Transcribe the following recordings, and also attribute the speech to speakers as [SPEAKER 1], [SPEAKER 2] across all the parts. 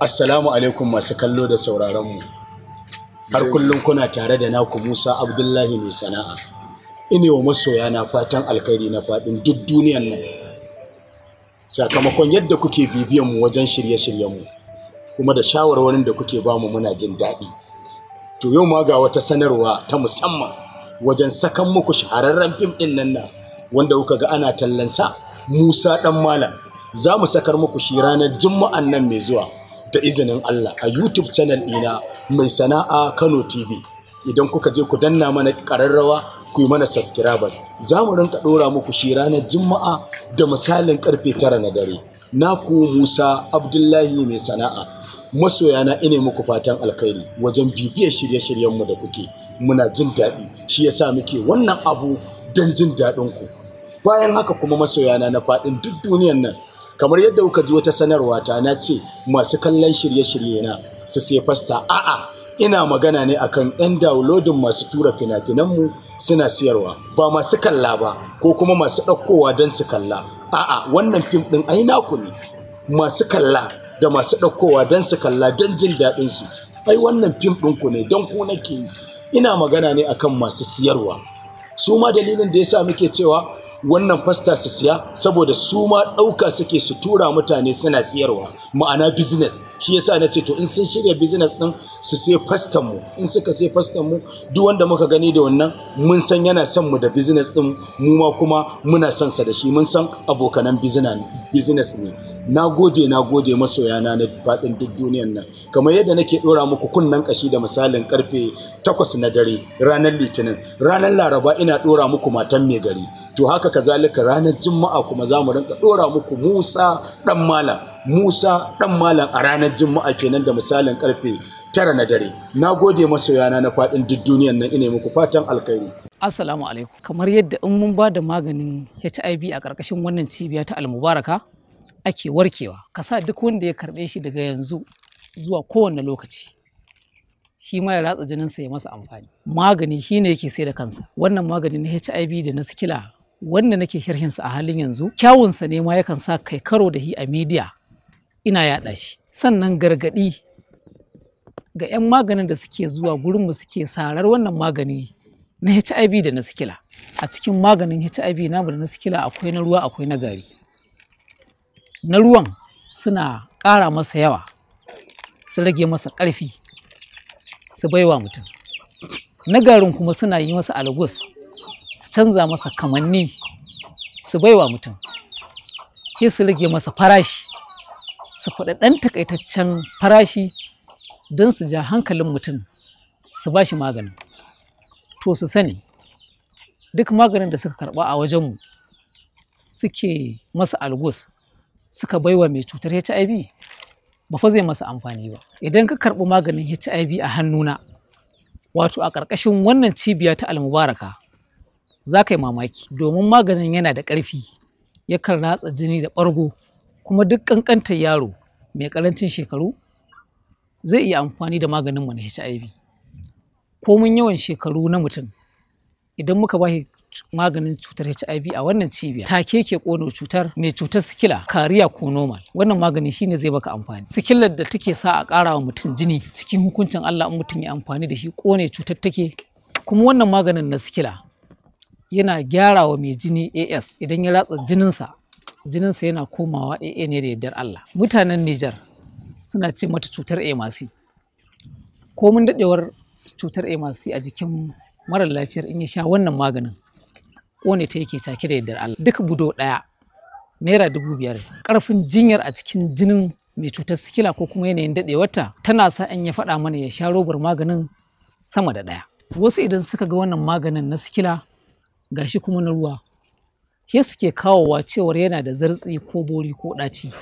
[SPEAKER 1] Assalamu alaikum masu kallo da mu. Har kullum kuna tare da naku Musa Abdullahi mai sana'a. Ine wa masoya na fatan alkhairi na faɗin duk duniyan nan. Sakamakon yadda kuke bibiyan mu wajen shirye shiryen mu kuma da shawarwarin da kuke ba mu muna jin daɗi. To yau ma ga wata sanarwa ta musamman wajen sakan muku shahararren fim ɗin nan na wanda kuka ga ana tallansa Musa ɗan Malam. Za mu sakar muku shi ranar Juma'an nan mai zuwa. da izinin Allah a YouTube channel ɗina mai sana'a Kano TV. Idan kuka je ku danna mana ƙararrawa ku yi mana subscribers. Za mu rinka ɗora muku shi ranar Juma'a da misalin karfe tara na dare. Naku Musa Abdullahi mai sana'a. masoya na ine muku fatan alkhairi wajen bibiyar shirye shiryen mu da kuke. Muna jin daɗi shi yasa muke wannan abu don jin ku Bayan haka kuma masoyana na faɗin duk duniyan nan kamar yadda kuka ji wata sanarwa ta na ce masu kallon shirye-shirye na su sai fasta a'a ina magana ne akan 'yan downloadin masu tura fina-finanmu suna siyarwa ba masu kalla ba ko kuma masu ɗaukowa don su kalla a'a wannan fim ɗin ai naku ne masu kalla da masu ɗaukowa don su kalla don jin daɗin su ai wannan fim ɗin ku ne don ku nake ina magana ne akan masu siyarwa su ma dalilin da yasa muke cewa wannan fasta su siya saboda su ma ɗauka suke su tura mutane suna siyarwa ma'ana business shi yasa na ce to in sun shirya business ɗin su sai fastan mu in suka sai fastan mu duk wanda muka gani da wannan mun san yana son mu da business ɗin mu ma kuma muna son sa da shi mun san abokanan business ne na gode na gode masoyana na faɗin duk duniyan nan kamar yadda nake ɗora muku kunnen ƙashi da misalin karfe takwas na dare ranar litinin ranar laraba ina ɗora muku matan mai gari to haka kazalika ranar juma'a kuma za mu rinka ɗora muku musa ɗan malam musa ɗan malam a ranar juma'a kenan da misalin karfe tara na dare na gode masoyana na faɗin duk duniyan nan ina muku fatan alkhairi
[SPEAKER 2] Assalamu alaikum. Kamar yadda in mun ba da maganin HIV a ƙarƙashin wannan cibiya ta almubaraka, ake warkewa ka sa duk wanda ya karɓe shi daga yanzu zuwa kowane lokaci shi ma ya ratsa sa ya masa amfani magani shi ne yake sai da kansa wannan magani na hiv da na sikila wanda nake sa a halin yanzu kyawun sa ne ma yakan sa kai karo da shi a media ina yaɗa shi sannan gargaɗi ga 'yan maganin da suke zuwa gurin mu suke sarar wannan magani na hiv da na sikila a cikin maganin hiv namu da na sikila akwai na ruwa akwai na gari na ruwan suna ƙara masa yawa su rage masa ƙarfi su baiwa mutum na garin kuma suna yi masa algus su canza masa kamanni su baiwa mutum sai su rage masa farashi su faɗa ɗan takaitaccen farashi don su ja hankalin mutum su ba shi maganin to su sani duk maganin da suka karɓa a wajenmu suke masa algus suka baiwa mai cutar HIV ba fa zai masa amfani ba idan ka karɓi maganin HIV a hannuna wato a ƙarƙashin wannan cibiya ta almubaraka za ka yi mamaki domin maganin yana da ƙarfi yakan ratsa jini da ɓargo kuma duk ƙanƙantar yaro mai ƙarancin shekaru zai iya amfani da maganin mu na HIV komin yawan shekaru na mutum idan muka ba shi maganin cutar HIV a wannan cibiya take ke kono cutar mai cutar sikila kariya ko normal wannan magani shine zai baka amfani sikilar da take sa a ƙara wa mutum jini cikin hukuncin Allah in mutum ya amfani da shi kone cutar take kuma wannan maganin na sikila yana gyara wa mai jini AS idan ya ratsa jininsa jininsa yana komawa AA ne da yardar Allah mutanen Niger suna ce mata cutar AMC mun dadewar cutar AMC a jikin mara lafiyar in ya sha wannan maganin ƙone ta yake take da yardar Allah duka budo ɗaya naira dubu biyar ƙarfin jinyar a cikin jinin mai cutar sikila ko kuma yanayin daɗewarta tana sa in ya faɗa mana ya sha robar maganin sama da ɗaya wasu idan suka ga wannan maganin na sikila ga shi kuma na ruwa ke suke kawowa cewar yana da zartsi ko bori ko ɗaci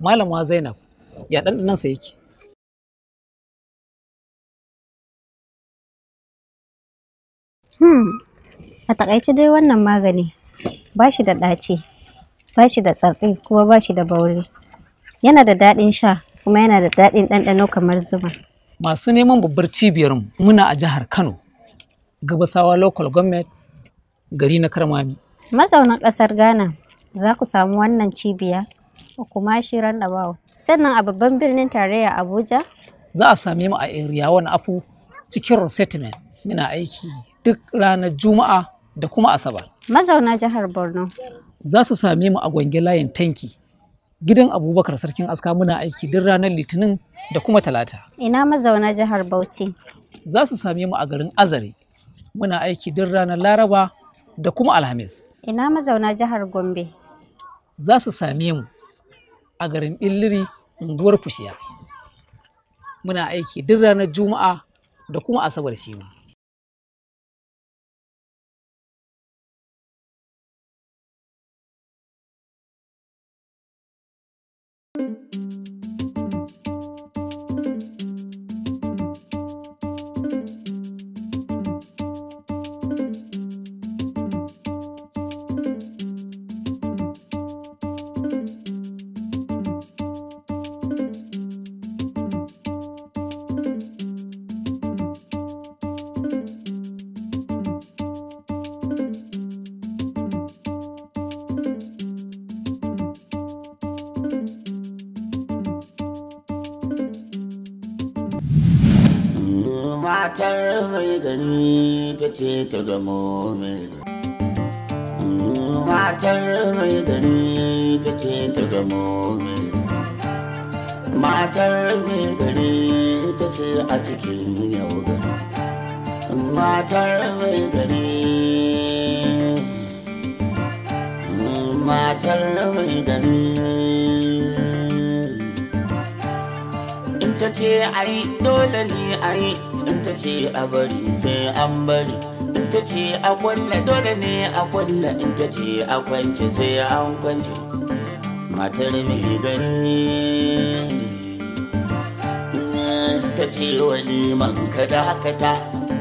[SPEAKER 2] malama zainab ya ɗanɗanansa yake
[SPEAKER 3] Hmm, a takaice dai wannan magani ba shi da ɗaci ba shi da tsatsi kuma ba shi da bauri yana da daɗin sha kuma yana da daɗin ɗanɗano kamar zuma
[SPEAKER 2] masu neman babbar cibiyar muna a jihar kano gabasawa local government gari na karmami
[SPEAKER 3] mazaunan ƙasar ghana za ku samu wannan cibiya kuma shi sannan a babban birnin tarayya abuja
[SPEAKER 2] za a same mu a area wani afu cikin resettlement muna aiki duk ranar juma'a da kuma Asabar.
[SPEAKER 3] Mazauna jihar Borno.
[SPEAKER 2] Za su same mu a gwange layin tanki gidan Abubakar Sarkin Aska muna aiki duk ranar Litinin da kuma Talata. Ina mazauna jihar Bauchi. Za su same mu a garin Azare muna aiki duk ranar Laraba da kuma Alhamis.
[SPEAKER 3] Ina mazauna jihar Gombe.
[SPEAKER 2] Za su same mu a garin Billiri unguwar Fushiya. Muna aiki duk ranar Juma'a da kuma Asabar shi
[SPEAKER 4] mai gari ta ce ta zama mai gari matar mai gari ta ce ta zama mai gari matar mai gari ta ce a cikin yau gari matar mai gari matar mai gari ta ce ai dole ne ai in ta ce a bari sai an bari in ta ce a kwalla dole ne a kwalla in ta ce a kwance sai an kwance matar mai gani ta ce wa liman ka dakata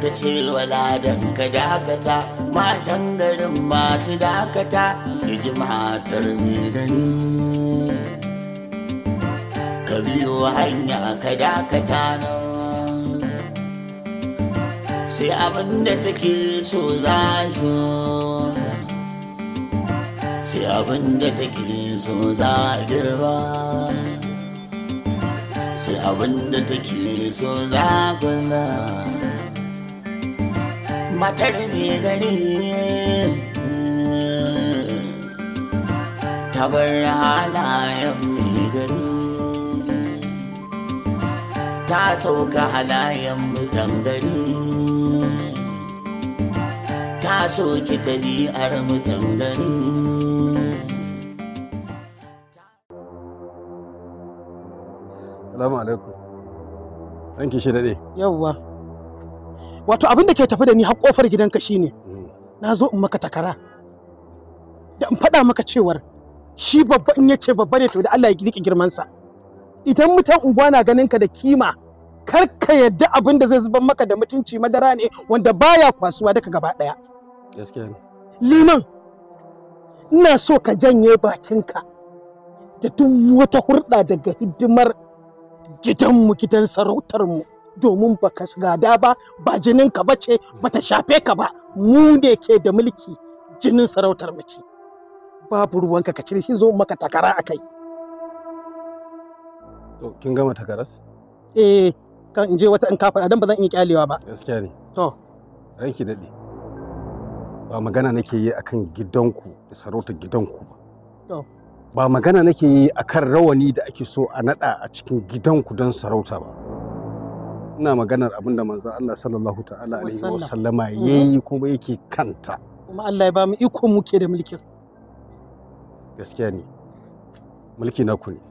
[SPEAKER 4] ta ce wa ladan ka dakata matan garin masu dakata ya ji matar mai gani ka biyo hanya ka dakata nan sai abin da take so za shora sai abin da take so za girba sai abin da take so za kula matar ne gari ta bar halayen ta sauka a layan mutan gari ta soki ɗabi'ar mutan gari Salamu
[SPEAKER 5] alaikum. Ranki shi daɗe.
[SPEAKER 1] Yawwa. Wato abin da ke tafi da ni har ƙofar gidanka shine. Hmm. Na zo in maka takara. Da in faɗa maka cewar shi babba in yace babba ne to da Allah ya girmansa. girman sa. idan mutan unguwa na ganin ka da kima kar ka yadda abin da zai zubar maka da mutunci madara ne wanda baya kwasuwa duka gaba daya gaskiya liman ina so ka janye bakinka da duk wata hurɗa daga hidimar gidan mu, gidan sarautar mu domin ba ka gada ba ba jininka ba ce ba ta shafe ka ba mu ne ke da mulki jinin sarautar mace babu ruwanka ka cire shi zo maka takara a kai
[SPEAKER 5] To kin gama takaras?
[SPEAKER 1] Eh, kan in je wata in kafa dan ba zan iya kyalewa ba. Gaskiya ne. To.
[SPEAKER 5] Ranki daɗe. Ba magana nake yi akan gidanku da sarautar gidanku ba. To. Ba magana nake yi akan rawani da ake so a naɗa a cikin gidanku don sarauta ba. Ina maganar abin da manzo Allah sallallahu ta'ala alaihi wa sallama mm. yayi kuma yake kanta.
[SPEAKER 1] Kuma Allah ya ba mu iko muke da mulkin.
[SPEAKER 5] Gaskiya ne. Mulki na ku ne.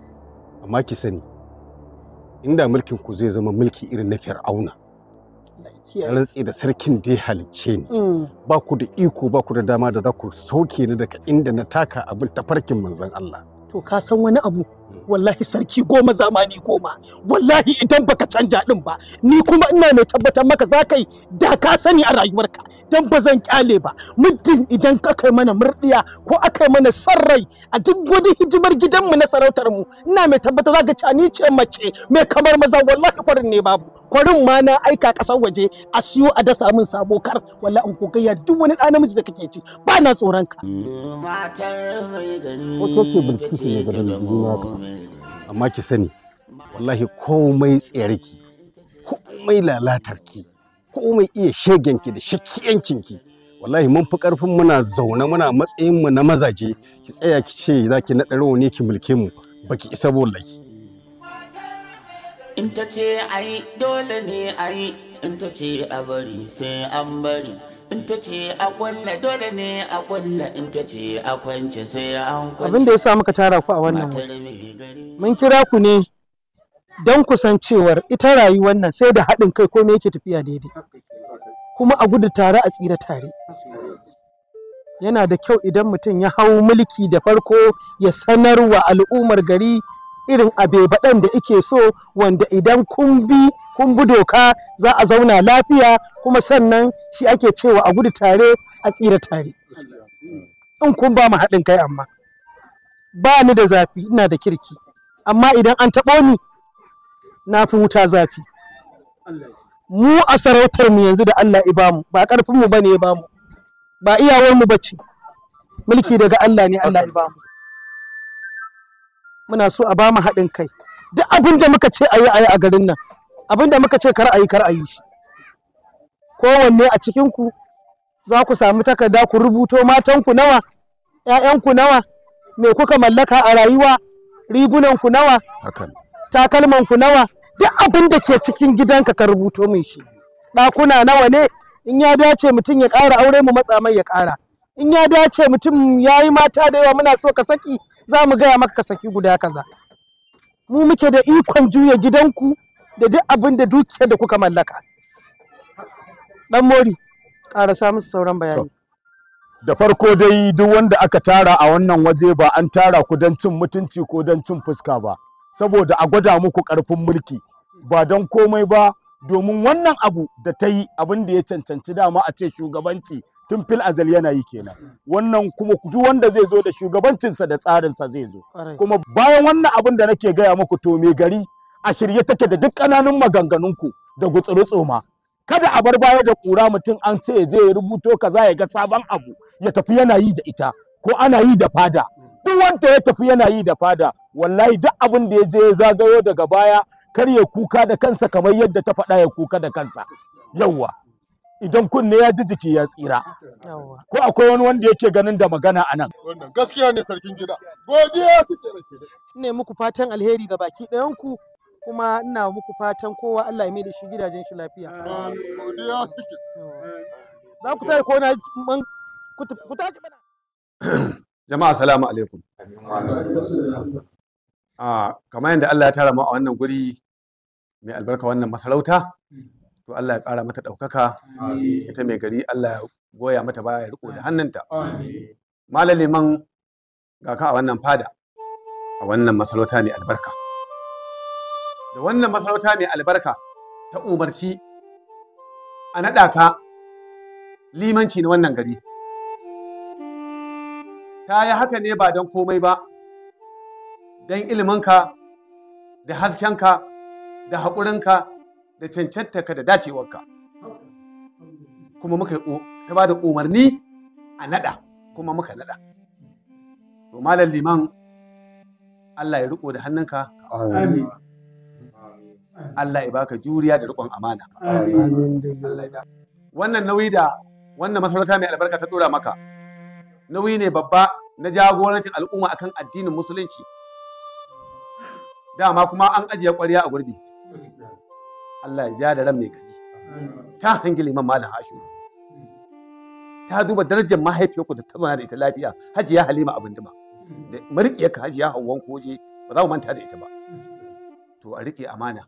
[SPEAKER 5] Amma ki sani inda mulkin ku zai zama mulki irin na fir'auna rantsi da sarkin da ya halicce ni mm. ba ku da iko ba ku da dama da za ku sauke ni daga inda na taka abin tafarkin manzon Allah
[SPEAKER 1] to ka san wani
[SPEAKER 5] abu wallahi sarki goma zamani goma
[SPEAKER 1] wallahi idan baka canja din ba ni kuma ina mai tabbatar maka za ka yi da ka sani a rayuwarka dan ba zan kyale ba muddin idan ka kai mana murdiya ko aka yi mana sarrai a duk wani hidimar gidanmu na sarautar mu ina mai tabbatar za ka ci ni ce mace mai kamar maza wallahi kwarin ne babu farin ma na aika kasar waje a siyo a dasa min sabo kar wala an gayya duk wani ɗan namiji da kake ci ba na tsoron ka.
[SPEAKER 5] Amma ki sani wallahi komai tsayarki komai lalatarki komai iya shegenki da ki wallahi mun fi karfin muna zaune muna matsayin mu na mazaje ki tsaya ki ce zaki ki naɗa ne ki mulke mu baki isa wallahi
[SPEAKER 4] in ta ce ayi dole ne ayi in ta ce a bari sai an bari in ta ce a kwalla dole ne a kwalla in ta ce a kwance sai an kwance abin da ya sa muka tara ku a wannan
[SPEAKER 1] mun kira ku ne don kusancewar ita rayuwar nan sai da haɗin kai ko me yake tafiya daidai kuma a gudu tare a tsira tare yana da kyau idan mutum ya hau mulki da farko ya sanarwa al'ummar gari irin abebaɗen da ike so wanda idan kun bi kun bi doka za a zauna lafiya kuma sannan shi ake cewa a gudu tare a tsira tare in kun ba mu haɗin kai amma ba ni da zafi ina da kirki amma idan an taɓo ni na fi wuta zafi mu a sarautar mu yanzu da Allah ya bamu ba ƙarfin mu bane ya bamu ba iyawar mu bace mulki daga Allah ne Allah ya bamu muna so a ba mu haɗin kai duk abin da muka ce a yi a garin nan abin da muka ce kar a yi kar a yi shi kowanne a cikinku za ku samu takarda ku rubuto matanku nawa 'ya'yanku nawa me kuka mallaka a rayuwa rigunanku nawa takalmanku nawa duk abin da ke cikin gidanka ka rubuto min shi ɗakuna nawa ne in ya dace mutum ya ƙara aure mu matsa mai ya ƙara in ya dace mutum ya yi mata da yawa muna so ka saki za mu gaya maka ka saki guda kaza mu muke da ikon juya gidanku da duk abin da dukiyar da kuka mallaka dan mori ƙara musu sauran bayani da farko dai duk wanda aka tara a wannan waje ba an tara ku don cin mutunci ko don cin fuska ba saboda a gwada muku ƙarfin mulki ba don komai ba domin wannan abu da ta yi abin da ya cancanci dama a ce shugabanci tun fil azal yana yi kenan wannan kuma duk wanda zai zo da shugabancinsa da tsarinsa zai zo kuma bayan wannan abin da nake gaya muku to me gari a shirye take da duk ƙananun ku da gutsuru-tsoma kada a bar baya da ƙura mutum an ce zai rubuto kaza ya ga sabon abu ya tafi yana yi da ita ko ana yi da fada duk wanda ya tafi yana yi da fada wallahi duk abin da ya je ya zagayo daga baya kar ya kuka da kansa kamar yadda ta faɗa ya kuka da kansa yawwa idan kunne ya ji jiki ya tsira ko akwai wani wanda yake ganin da magana a nan gaskiya ne sarkin gida godiya suke rake ne muku fatan alheri ga baki ɗayan ku kuma ina muku fatan kowa Allah ya mai da shi gidajen shi lafiya godiya suke za ku tare ko na ku tashi bana
[SPEAKER 6] jama'a assalamu alaikum a ah, kamar yadda Allah ya tara mu a wannan guri mai albarka wannan masarauta to Allah ya ƙara mata ɗaukaka ita mai gari Allah ya goya mata baya ya riko da hannunta malam man gaka ka a wannan fada a wannan masarauta mai albarka da wannan masarauta mai albarka ta umarci a naɗa ka limanci na wannan gari ta yi haka ne ba don komai ba don iliminka da haskenka da haƙurinka da cancanta ka da dacewarka kuma muka ta ba da umarni a nada kuma muka nada to malam liman Allah ya riko da hannunka amin Allah ya baka juriya da rikon amana wannan nauyi da wannan masarauta mai albarka ta dora maka nauyi ne babba na jagorancin al'umma akan addinin musulunci dama kuma an ajiye ƙwarya a gurbi Allah ya ja da ran mai gari ta hangi liman malam Hashim ta duba darajar mahaifiyarku da ta zauna da ita lafiya hajiya Halima abin da da ka hajiya Hawwan Koje ba za mu manta da ita ba to a riƙe amana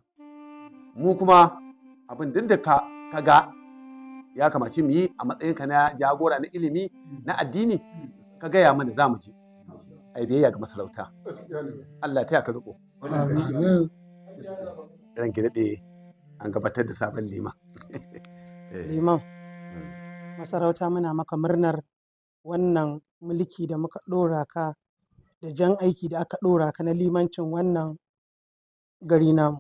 [SPEAKER 6] mu kuma abin din ka ga ya kamaci mu yi a matsayin ka na jagora na ilimi na addini ka gaya mana za mu je a biyayya ga masarauta Allah ta ka riko ranki an gabatar da sabon liman eh.
[SPEAKER 1] liman hmm. masarauta muna maka murnar wannan mulki da muka ɗora ka da jan aiki da aka ɗora ka na limancin wannan gari namu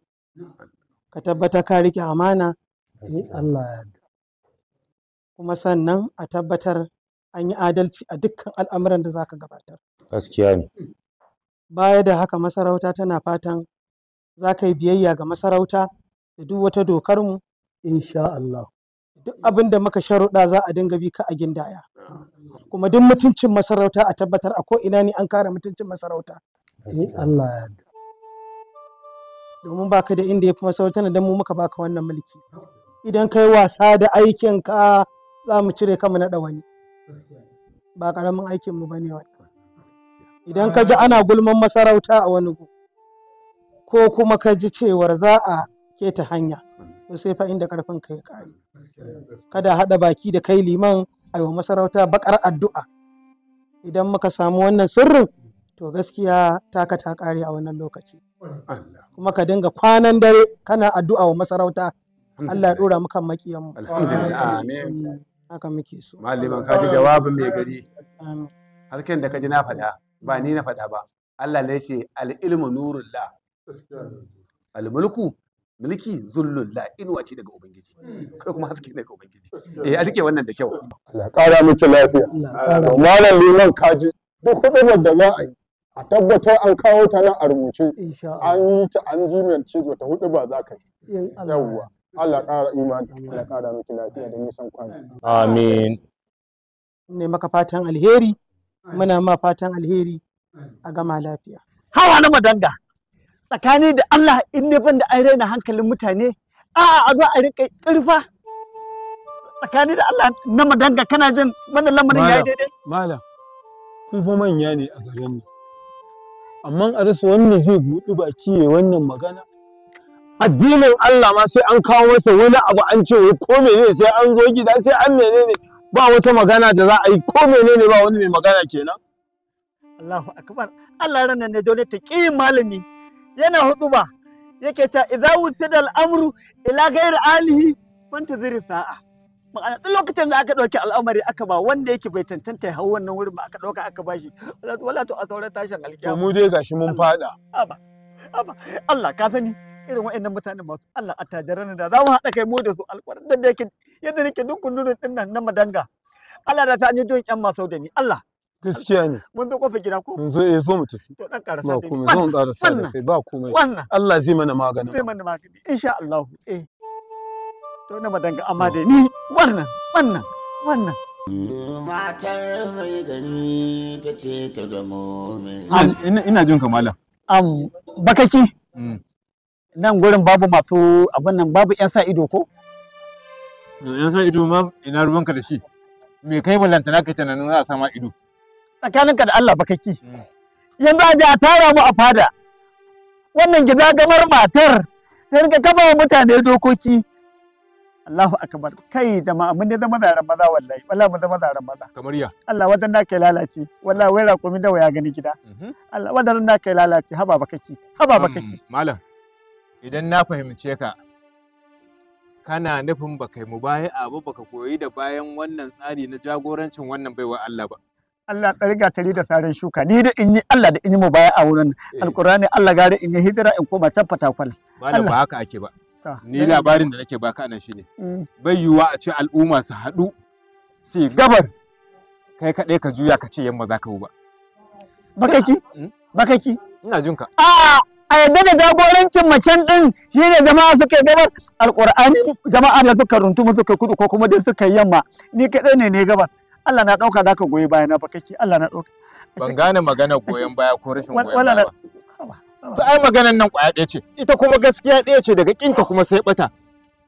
[SPEAKER 1] ka tabbata ka rike amana eh, Allah kuma sannan a tabbatar an yi adalci a dukkan al'amuran da za ka gabatar gaskiya ne baya da haka masarauta tana fatan za ka yi biyayya ga masarauta da duk wata dokar mu insha Allah duk abin da muka sharuɗa za a dinga bi ka a gindaya kuma duk mutuncin masarauta a tabbatar a ko ina ne an kare mutuncin masarauta in eh, Allah ya domin baka da inda ya fi masarautar mu muka baka wannan mulki idan kai wasa da aikin ka za mu cire ka naɗa wani ba ƙaramin aikin mu bane idan ka ji ana gulman masarauta a wani ko kuma ka ji cewar za a keta hanya mm. sai fa inda karfin ka ya kare kada hada baki da kai liman a wa masarauta bakar addu'a idan muka samu wannan sirrin to gaskiya taka ta kare a wannan lokaci kuma ka dinga kwanan dare kana addu'a wa masarauta Allah ya dora muka makiyan mu alhamdulillah
[SPEAKER 7] amin
[SPEAKER 5] haka muke so malliman ka ji jawabin mai gari
[SPEAKER 6] harken da ka ji na faɗa ba ni na faɗa ba Allah ne ce al ilmu nurullah al mulku Miliki zullun la inuwa ce daga ubangiji hmm. kai kuma haske ne ga ubangiji
[SPEAKER 7] eh a rike wannan da kyau Allah kara miki lafiya malam liman kaji
[SPEAKER 8] duk kudin da za a yi a
[SPEAKER 7] tabbatar an kawo ta nan a rubuce an yi ta an jimiyarce ta hudu ba za ka yi yawwa Allah ƙara imani Allah kara miki lafiya da nisan kwana
[SPEAKER 1] amin ne maka fatan alheri muna ma fatan alheri a gama lafiya hawa na madanga tsakani da Allah in ne ban da an raina hankalin mutane a'a a zo a rinka kirfa tsakani da Allah na madanga kana jin wannan lamarin yayi daidai malam kun fa manya ne a garin nan amma a rasa wanda zai buɗi baki ya wannan magana addinin Allah ma sai an kawo masa wani abu an ce ko menene sai an zo gida sai an menene ba wata magana da za a yi ko menene ba wani mai magana kenan Allahu akbar Allah ranar ne dole ta ƙi malami yana hudu ba yake ta idza wusida al'amru ila ghairi alihi fantazir sa'a ma'ana duk lokacin da aka dauki al'amari aka ba wanda yake bai tantanta ya hau wannan wurin ba aka dauka aka bashi wala to a sauran tashin alkiyama to mu dai
[SPEAKER 6] gashi mun fada
[SPEAKER 1] aba aba Allah ka sani irin wa'annan mutanen masu Allah attajiran da za mu haɗa kai mu da su alƙwarin da yake yadda nake dukkan nurin din nan na madanga Allah da ta an don ƴan masau da ni Allah gaskiya ne mun zo kofar gida ko mun zo eh zo mu tafi to dan karasa ba komai zo mun karasa sai kai ba komai wannan Allah zai mana magana zai mana magana
[SPEAKER 4] insha Allah eh to na madanga amma dai ni
[SPEAKER 2] wannan wannan
[SPEAKER 4] wannan matar mai gari ta ce ta zamo mai
[SPEAKER 8] ina jin kamala
[SPEAKER 1] am bakaki mm. nan gurin babu masu abin nan babu yan sa ido ko
[SPEAKER 8] yan sa ido ma ina ruwanka da
[SPEAKER 1] shi me
[SPEAKER 8] kai ballantana kai tunanin za a sama ido
[SPEAKER 1] tsakaninka da Allah bakaki hmm. yanzu a a tara mu a fada wannan gida gamar matar ta rinka kafa wa mutane dokoki Allahu akbar kai da ma mun zama da maza wallahi wallahi mun zama da maza kamar ya Allah wadan da kai lalace wallahi wai raƙumi da waya gani gida mhm. Allah wadan da kai lalace haba bakaki haba bakaki hmm,
[SPEAKER 8] malam idan na fahimce ka kana nufin baka yi baya, abu baka koyi da bayan wannan tsari na jagorancin wannan baiwa Allah ba
[SPEAKER 1] Allah ga tare da saran shuka ni da in yi Allah da in yi mu baya a wurin eh. alkurani Allah gare in yi hijira in koma can fatakwal malam ba
[SPEAKER 8] haka ake ba ni labarin da nake ka nan shine mm. bai yiwuwa a ce al'umma su haɗu su gabar kai kaɗai ka juya ka ce yamma za ka ba
[SPEAKER 3] bakaki hmm? bakaki ina jinka a a yadda da jagorancin macen shi shine
[SPEAKER 1] jama'a suka gabar alkur'ani jama'a da suka runtu suka kudu ko kuma da suka yamma ni kaɗai ne ne gabar Allah na ɗauka za ka goyi baya na bakaki Allah na ɗauka.
[SPEAKER 8] ban gane magana goyon baya ko rashin goyon baya ba. ai maganan nan kwaya ɗaya ce
[SPEAKER 1] ita kuma gaskiya ɗaya ce daga
[SPEAKER 8] ƙinka kuma sai ɓata.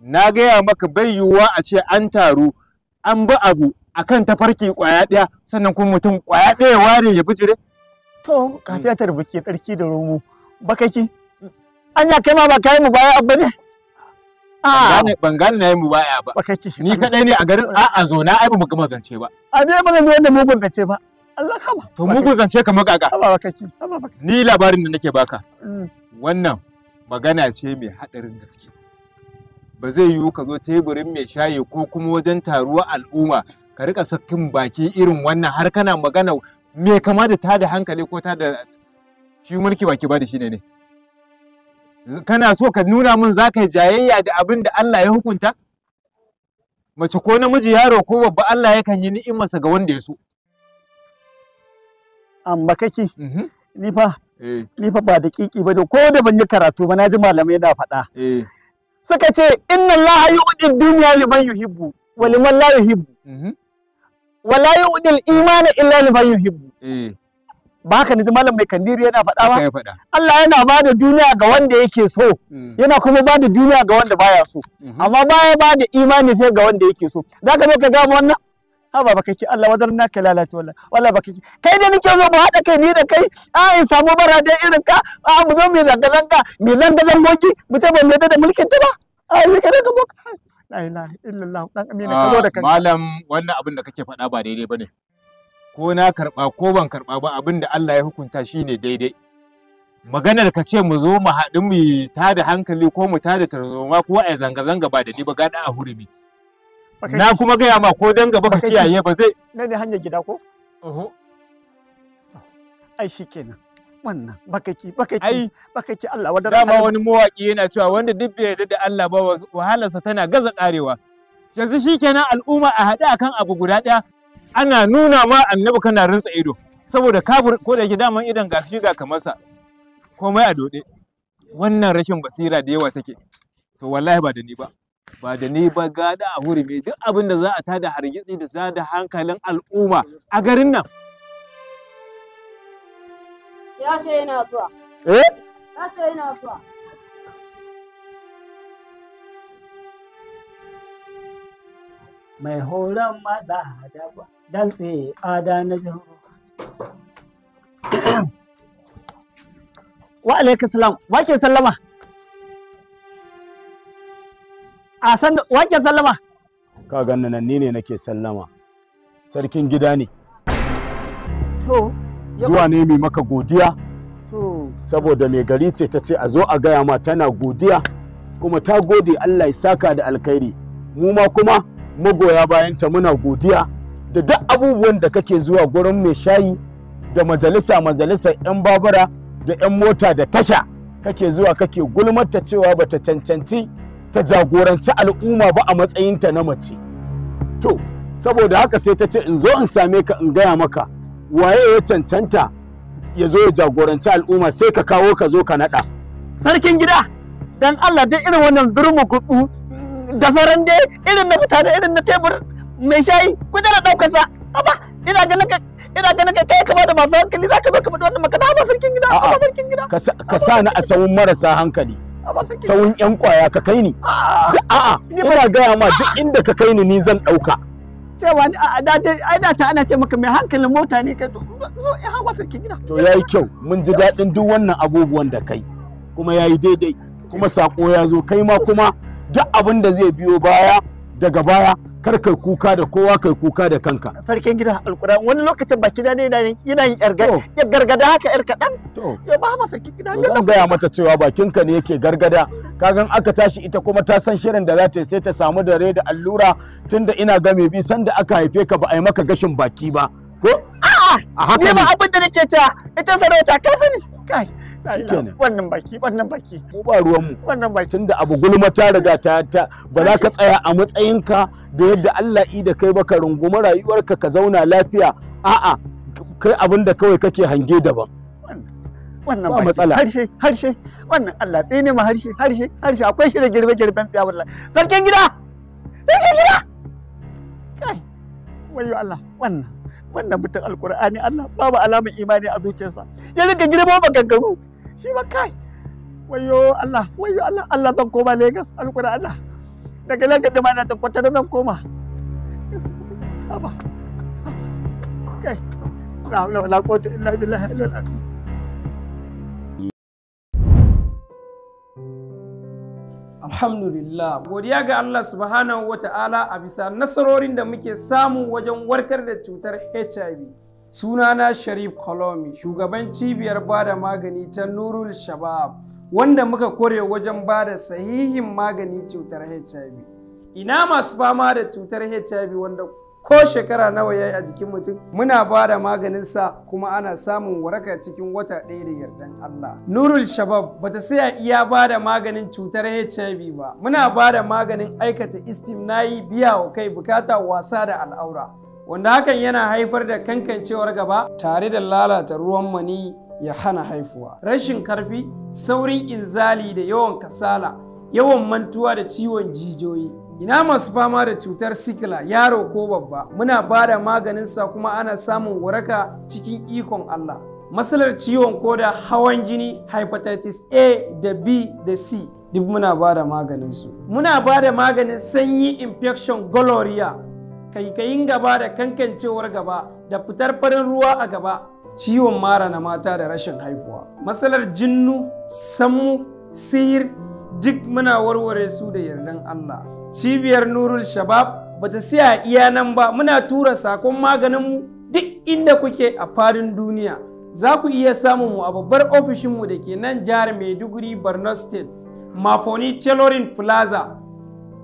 [SPEAKER 8] na gaya maka bai yiwuwa a ce an taru an bi
[SPEAKER 1] abu kan tafarki kwaya ɗaya sannan kuma mutum kwaya ɗaya ware ya bijire to kafiya hmm. ta rubuke tsarki da romo bakaki ya kai ma ba kayan mu baya abu ne
[SPEAKER 8] Ah. ban gane na yi mu baya ba ni kadai ne a garin a'a zo na aibu ba mu ba
[SPEAKER 1] a ne ba zan yadda mugun gance ba Allah
[SPEAKER 8] kama to mugun zance kamar gaga ni labarin da nake baka mm. wannan magana ce mai hadarin gaske ba zai yiwu ka zo teburin mai shayi ko kuma wajen taruwar al'umma ka rika sakin baki irin wannan har kana magana me kama da da hankali ko ta da shi mulki baki ba da shi ne ne kana so ka nuna min za ka yi jayayya da abin da Allah ya hukunta mace ko namiji yaro ko babba Allah yakan yi ni'imarsa ga wanda ya so
[SPEAKER 1] amma kake mhm. ni fa eh. ni fa ba da kiki ba da ko da ban yi karatu ba na ji malamai na faɗa eh. suka ce inna Allah yu'ti duniya liman yuhibbu wa liman la yuhibbu mhm. wa la yu'ti al-imana illa liman yuhibbu eh. ba ni malam mai kandiri yana faɗa ba Allah yana ba da duniya ga wanda yake so mm. yana kuma ba da duniya ga wanda baya so mhm. amma baya ba da imani sai ga wanda yake so za ka zo ka gama wannan haba baka ki Allah wadar na ka lalace wallahi wallahi baka ki kai da nake zo mu haɗa kai ni da kai a in samu da irin ka a mu zo mu zanga zanga mu zanga zangoki mu ta ban da mulkin ta ba a ni kada ka boka la ilaha illallah dan amina ka zo da ah, kai malam
[SPEAKER 8] wannan abin da kake faɗa ba daidai bane ko na karɓa ko ban karɓa ba abin da Allah ya hukunta shi ne daidai maganar ka ce mu zo mu haɗu mu ta da hankali ko mu ta da tarzoma ko a zanga-zanga ba da ni ba gaɗa a hurumi na kuma gaya ma ko danga gaba ka kiyaye ba zai
[SPEAKER 1] na ne hanyar gida ko ai shi kenan wannan bakaki bakaki ai bakaki Allah wadar dama wani
[SPEAKER 8] mawaƙi yana cewa wanda duk bai yarda da Allah ba wahalarsa tana gaza ƙarewa. yanzu shi kenan al'umma a haɗe akan abu guda ɗaya ana nuna ma annabi kana rantsa ido saboda kafir ko da yake daman idan ga shi ga kamarsa komai a dode wannan rashin basira da yawa take to wallahi ba da ni ba ba da ni ba gada a hurumi duk abin da za a tada hargitsi da tada hankalin al'umma a garin nan
[SPEAKER 7] ya ce yana zuwa eh ya ce yana zuwa
[SPEAKER 1] mai horon maɗa da dantse ada na jihu. Wa alaika salam, wake sallama. A san wake sallama. Ka ganna nan ni ne nake sallama. Sarkin gida ne. To, zuwa ne mai maka godiya. Saboda mai gari ce ta ce a zo a gaya ma tana godiya kuma ta gode Allah ya saka da alkhairi. Mu ma kuma magoya bayanta muna godiya da duk abubuwan da kake zuwa gurin mai shayi da majalisa majalisar 'yan babura da 'yan mota da tasha kake zuwa kake ta cewa bata cancanci ta jagoranci al'umma ba a matsayinta na mace to saboda haka sai ta ce in zo in same ka in gaya maka waye ya cancanta ya zo ya jagoranci al'umma sai ka kawo ka zo ka naɗa sarkin gida dan Allah duk irin wannan durmu kuɗu gasaran dai irin na fita da irin na tebur mai shayi ku da daukar sa amma ina ganin ka ina ganin ka kai kama da masu hankali za ka zo ka faɗi wannan magana ba sarkin gida ba sarkin gida ka sa ni a sawun marasa hankali sawun yan kwaya ka kai ni a'a ina gaya ma duk inda ka kai ni ni zan ɗauka cewa ai da ta ana ce maka mai hankalin mota ne ka zo ya hawa sarkin gida to yayi kyau mun ji daɗin duk wannan abubuwan da kai kuma yayi daidai kuma sako ya zo kai ma kuma duk abin da zai biyo baya daga baya kar kai kuka da kowa kai kuka da kanka farkin gida alkur'an wani lokacin baki da ne yana yin yar gargada haka yar to ya ba ma farkin gida ne zan gaya mata cewa bakinka ne yake gargada kagan aka tashi ita kuma ta san shirin da za ta yi sai ta samu dare da allura tunda ina ga mai bi sanda aka haife ka ba a yi maka gashin baki ba ko ah! a haka ne ba abin da nake cewa ita sarauta ka sani kai wannan baki wannan baki Ko ba ruwan mu wannan baki tunda abu gulma ta riga ta ta ba za ka tsaya a matsayinka da yadda Allah i da kai baka runguma rayuwarka ka zauna lafiya a'a kai abin da kawai kake hange daban wannan ba matsala harshe harshe wannan Allah tsaye ne ma harshe harshe harshe akwai shi da girbe girben tsaya wallahi sarkin gida sarkin gida kai wayo Allah wannan wannan mutum alkur'ani Allah babu alamar imani a zuciyarsa ya rika girma maganganu shi ma kai wayo Allah wayo Allah Allah ban koma Lagos alkur'ani Allah daga Lagos da ma na tabbata zan koma kai la la la quwwata illa billah
[SPEAKER 3] Alhamdulillah. Godiya ga Allah subhanahu wa ta'ala a bisa nasarorin da muke samu wajen warkar da cutar HIV. Sunana Sharif Kolomi, shugaban cibiyar bada magani ta Nurul Shabab, wanda muka kore wajen bada sahihin magani cutar HIV. Ina masu fama da cutar HIV wanda ko shekara nawa yayi a jikin mutum muna ba da maganin sa kuma ana samun waraka cikin wata ɗaya da yardan Allah Nurul Shabab bata saya iya ba da maganin cutar HIV ba muna ba da maganin aikata istimnayi biya wa kai bukata wasa da al'aura wanda hakan yana haifar da kankancewar gaba tare da lalata ruwan mani ya hana haifuwa rashin karfi saurin inzali da yawan kasala yawan mantuwa da ciwon jijiyoyi ina masu fama da cutar sikila yaro ko babba muna ba da maganinsa kuma ana samun waraka cikin ikon Allah matsalar ciwon koda hawan jini hepatitis A da B da C duk muna ba da maganinsu muna ba da maganin sanyi infection gonorrhea kaikayin gaba da kankancewar gaba da fitar farin ruwa a gaba ciwon mara na mata da rashin haihuwa matsalar jinnu sammu sihir duk muna warware su da yardan Allah cibiyar nurul shabab ba ta siya iya nan ba muna tura sakon maganinmu duk inda kuke a fadin duniya za ku iya samun mu a babbar ofishinmu da ke nan jihar maiduguri borno state mafoni tailoring plaza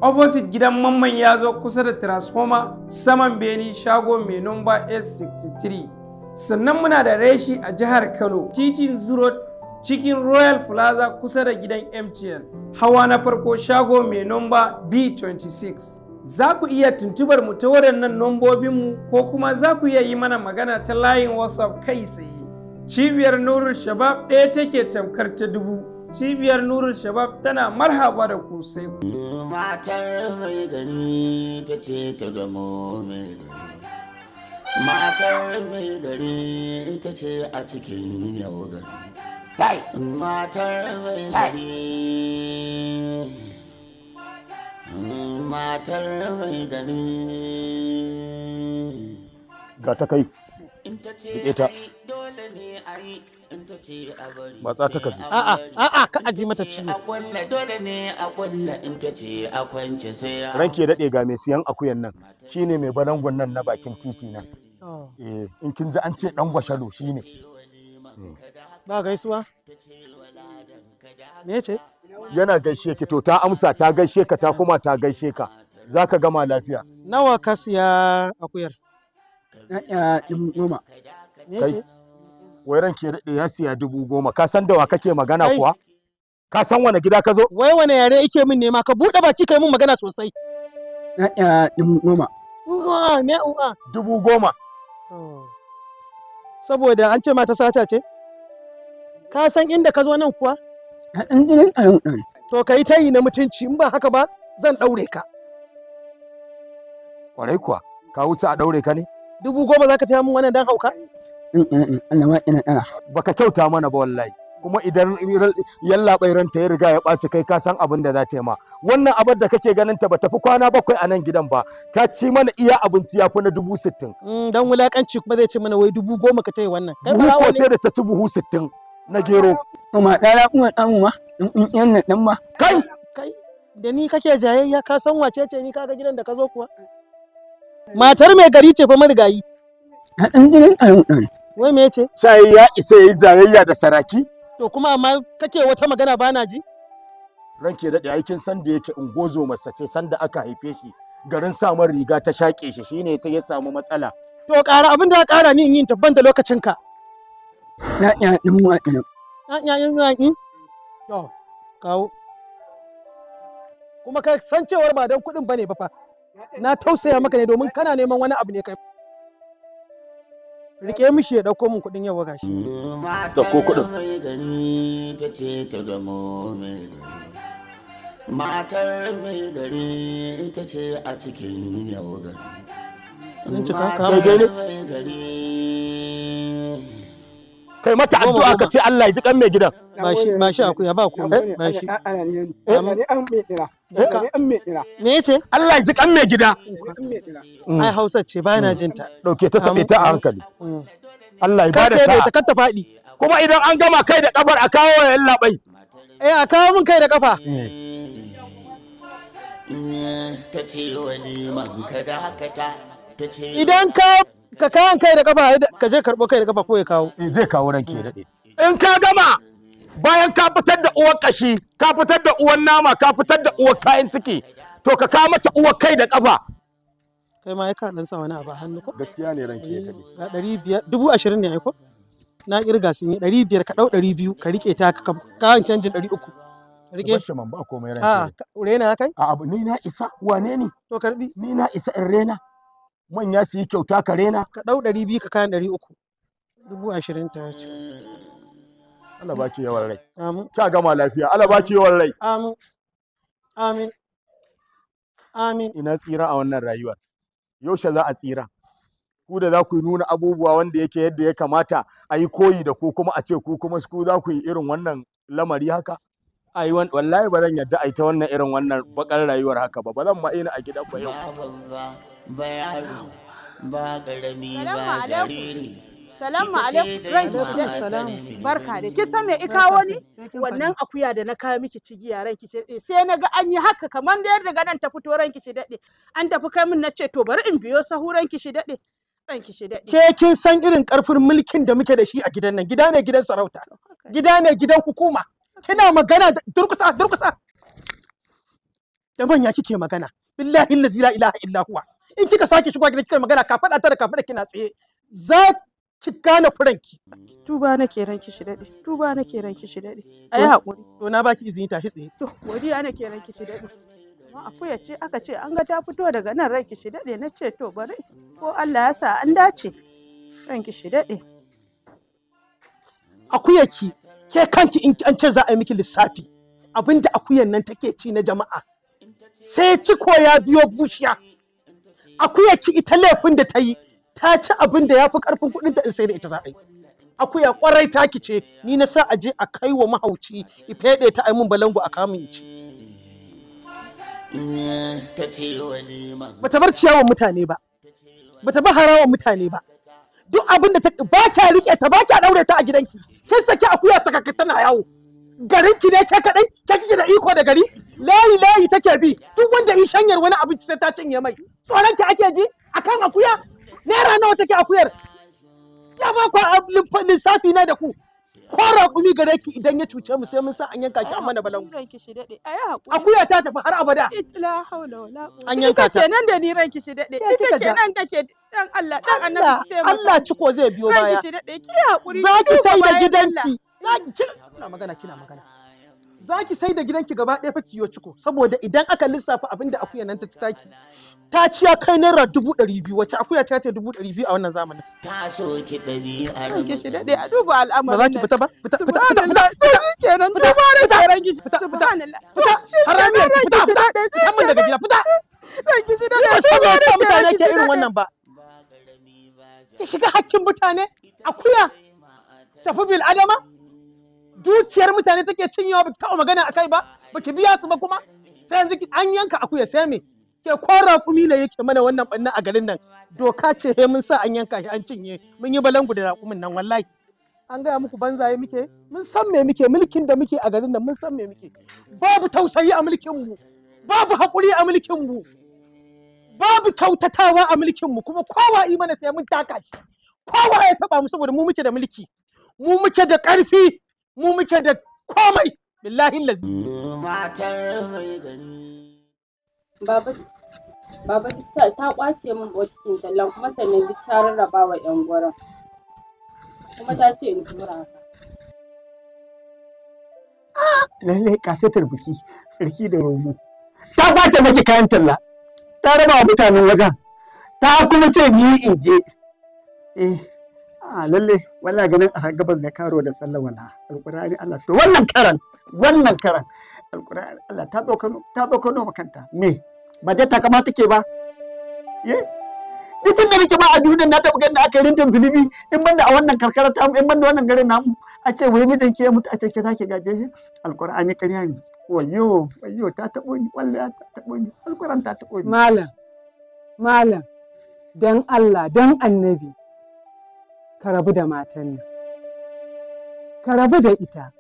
[SPEAKER 3] opposite gidan mamman ya zo kusa da transformer saman beni shago mai nomba s63 sannan muna da reshi a jihar kano titin zuro cikin royal plaza kusa da gidan mtn hawa na farko shago mai nomba b26 za ku iya tuntubar mu ta waɗannan mu? ko kuma za ku iya yi mana magana ta layin whatsapp kai tsaye cibiyar nurul shabab ɗaya take tamkar ta dubu cibiyar nurul shabab tana marhaba da ku sai ku
[SPEAKER 4] matar mai gari ta ce ta zamo mai gari matar mai gari ita ce a cikin yau gari matar mai gari matar mai gari
[SPEAKER 1] ga ta kai In ta ce a matsa ta kaji a'a
[SPEAKER 4] a'a ka aji mata ciwo dole ne a kulla in ta ce a kwance sai ya. ranke daɗe
[SPEAKER 1] ga mai siyan akuyan nan Shi ne mai balangon nan na bakin titi nan
[SPEAKER 4] oh. Eh,
[SPEAKER 1] in kin ji an ce ɗan gwashalo shi shine ba gaisuwa me ce yana gaishe ki to ta amsa ta gaishe ka ta kuma ta gaishe ka za ka gama lafiya nawa ka siya
[SPEAKER 7] akuyar goma kai
[SPEAKER 1] ran ke daɗe ya siya dubu goma ka san da wa kake magana kuwa ka san wani gida ka zo wai wani yare yake min nema ka buɗe baki kai min magana sosai dubu goma dubu goma saboda an ce ma ta sata ce ka san inda ka zo nan kuwa to ka yi ta yi na mutunci in ba haka ba zan ɗaure ka kwarai kuwa ka wuce a ɗaure ka ne dubu goma za ka taya min wannan dan hauka Allah ma ina ɗana baka kyauta mana ba wallahi kuma idan yallaɓai ranta ya riga ya ɓaci kai ka san abin da za ta yi ma wannan abin da kake ganin ta ba tafi kwana bakwai a nan gidan ba ta ci mana iya abinci ya fi na dubu sittin. Mm, dan wulakanci kuma zai ci mana wai dubu goma ka ta yi wannan. buhu ko sai da ta ci buhu sittin. na gero. Kuma ɗana kuma ɗan ma, ɗan nan ɗan ma. Kai! Kai, da ni kake jayayya ka san wace ce ni kaga gidan da ka zo kuwa. Matar mai gari ce fa marigayi. A ɗan gidan ɗan ɗan. Wai me ce? Sai ya isa yi jayayya da saraki. To kuma amma kake wata magana bana ji? Ranke daɗe aikin sanda yake ungozo masa ce sanda aka haife shi. Garin samun riga ta shaƙe shi shi ne ta ya samu matsala. To ƙara abin da ya ƙara ni in yi tabbanta ka. Yaƙin waƙi. Yaƙin waƙi? To, kawo. Kuma ka san cewar ba don kuɗin ba ne ba fa. Na tausaya maka ne domin kana neman wani abu ne kai. Rike mishi ya ɗauko min kuɗin yau gashi. Ɗauko kuɗin.
[SPEAKER 4] gari ta ce ta zamo mai gari. Matar mai gari ita ce a cikin yau gari. Matar mai gari
[SPEAKER 1] kai mata addu'a ka ce Allah ya ji kan mai gidan mashi mashi akuya ba ku eh? mashi ne eh? eh? me yace Allah ya ji kan mai gida mm. ai Hausa ce ba na mm. jin ta dauke ta sabe ta a hankali mm. Allah ya da ta kar ta fadi kuma idan an gama kai da kafar a kawo ya labai eh a kawo mun kai da kafa
[SPEAKER 4] ta ce wani man ka dakata ta ce idan
[SPEAKER 1] ka ka kayan kai da kafa ka je karɓo kai da kafa ko ya kawo eh, zai kawo ranke ya daɗe in ka gama bayan ka fitar da uwar kashi ka fitar da uwar nama ka fitar da uwar kayan ciki to ka kawo mata uwar kai da kafa kai ma ya ka dan sa wani abu hannu ko gaskiya ne ranke ya daɗe eh, ɗari biyar dubu ashirin ne aiko na kirga sun yi ɗari biyar ka ɗau ɗari biyu ka riƙe ta ka kawo canjin ɗari uku rike shi man ba komai ranke ah, a rena kai a abu ni na isa wane ne to karbi ni na isa in rena manya su yi kyauta ka rena ka ɗau ɗari biyu ka kayan ɗari uku dubu ashirin ta ce Allah baki yawan rai amin ka gama lafiya Allah ki yawan rai amin amin amin ina tsira a wannan rayuwar yaushe za a tsira ku da za ku nuna abubuwa wanda yake yadda ya kamata a yi koyi da ku kuma a ce ku kuma ku za ku yi irin wannan lamari haka ai wallahi ba zan yadda yi ta wannan irin wannan bakar rayuwar haka ba ba zan ma ina a gidan ba yau
[SPEAKER 4] ba yaro ba garami ba jariri salamu alaikum ranki da salamu
[SPEAKER 1] barka da kin san me ika wani? wannan akuya da na kawo miki cigiya ranki ce sai na ga an yi haka kamar da yadda nan ta fito ranki shi dade an tafi kai min nace to bari in biyo sahu ranki shi
[SPEAKER 7] dade ranki shi dade ke kin
[SPEAKER 1] san irin karfin mulkin da muke da shi a gidan nan gida ne gidan sarauta gida ne gidan hukuma kina magana durkusa durkusa da manya kike magana billahi la ilaha illa huwa in kika sake shigo gida kika magana ka faɗa ta da ka faɗa kina tsaye za ki gane furanki tuba nake ranki shi dade tuba nake ranki shi A ayi hakuri to na baki izini tashi tsaye to ana nake ranki shi dade amma akuya ce aka ce an ga ta fito daga nan ranki shi dade na ce to bari ko
[SPEAKER 7] Allah ya sa an dace ranki shi dade
[SPEAKER 1] akuya ki ke kanki in an ce za a yi miki lissafi abinda akuyan nan take ci na jama'a sai ciko ya biyo bushiya akuya ki ita laifin da ta yi ta ci abin da ya fi karfin kuɗin ta in sai da ita za a yi akuya kwarai ki ce ni na sa a je a kai wa mahauci ifeɗe ta aimin balangu a kamun ci
[SPEAKER 4] bata bar ciyawa
[SPEAKER 1] mutane ba bata bar harawa mutane ba duk abin da ta ba kya rike ta ba kya daure ta a gidanki kin saki akuya sakaka tana yawo Garinki ne ke kaɗai ke kike da iko da gari layi layi take bi duk wanda in shanyar wani abinci sai ta cinye mai tsoron ki ake ji akan akuya naira nawa take akuyar ya ba ku ah, lissafi na da ku ko raƙumi gare ki idan ya cuce mu sai mun san an yanka ki amma na balangu
[SPEAKER 7] akuya ta tafi har abada an yanka ta kenan da
[SPEAKER 1] ni ranki shi dade kenan kenan ke dan Allah dan annabi sai Allah ciko zai biyo baya za ki sai da gidanki kina magana kina magana za ki sai da gidanki gaba ɗaya fa kiyo ciko saboda idan aka lissafa abin da akuya nan ta ci taki ta ci kai naira dubu ɗari biyu wacce akuya ta ce dubu ɗari biyu a wannan zamanin.
[SPEAKER 4] ta so ki ɗari a rubuta. a duba al'amarin. ba za ki fita ba fita fita fita
[SPEAKER 1] fita fita Fita! fita fita fita fita fita fita Fita! fita fita fita Fita! Fita! gida fita. Fita! shi Fita! Fita! Fita! Fita! Fita! mutane ke irin wannan ba. ki shiga hakkin mutane akuya tafi bil adama. dukiyar mutane take cinyewa ba kawo magana a kai ba ba ki biya su ba kuma sai yanzu an yanka akuya sai me ke kora kumi ne yake mana wannan banna a garin nan doka ce he mun sa an yanka shi an cinye mun yi balangu da raƙumin nan wallahi an gaya muku banzaye muke mun san me muke mulkin da muke a garin nan mun san me muke babu tausayi a mulkin mu babu haƙuri a mulkin mu babu kyautatawa a mulkin mu kuma kowa yi mana sai mun taka shi kowa ya taba mu saboda mu muke da mulki mu muke da ƙarfi mu muke da komai billahi lazi matar mai
[SPEAKER 7] gari baba baba ta kwace min bocin tallan kuma sannan duk ta rarraba wa yan gwara, kuma ta ce in tura ka
[SPEAKER 1] lallai kasatar biki sarki da romo ta kwace miki kayan talla ta raba wa mutanen wajen ta kuma ce ni in je eh a ah, lalle wala ganin a gabas da karo da tsalle wala alqur'ani Allah to wannan karan wannan karan alqur'ani Allah ta tsokano ta no makanta me ba dai ta kama take ba eh tun da nake ba a duniyar na taɓa ganin aka rintin zunubi in banda a wannan karkara ta in banda wannan garin namu a ce wai mijin ke mutu a ce ke zake gaje shi alqur'ani ƙarya ne wayo wayo ta taɓo ni wallahi ta taɓo ni alqur'an ta taɓo ni malam malam dan Allah
[SPEAKER 7] dan annabi ka rabu da matan nan ka rabu da ita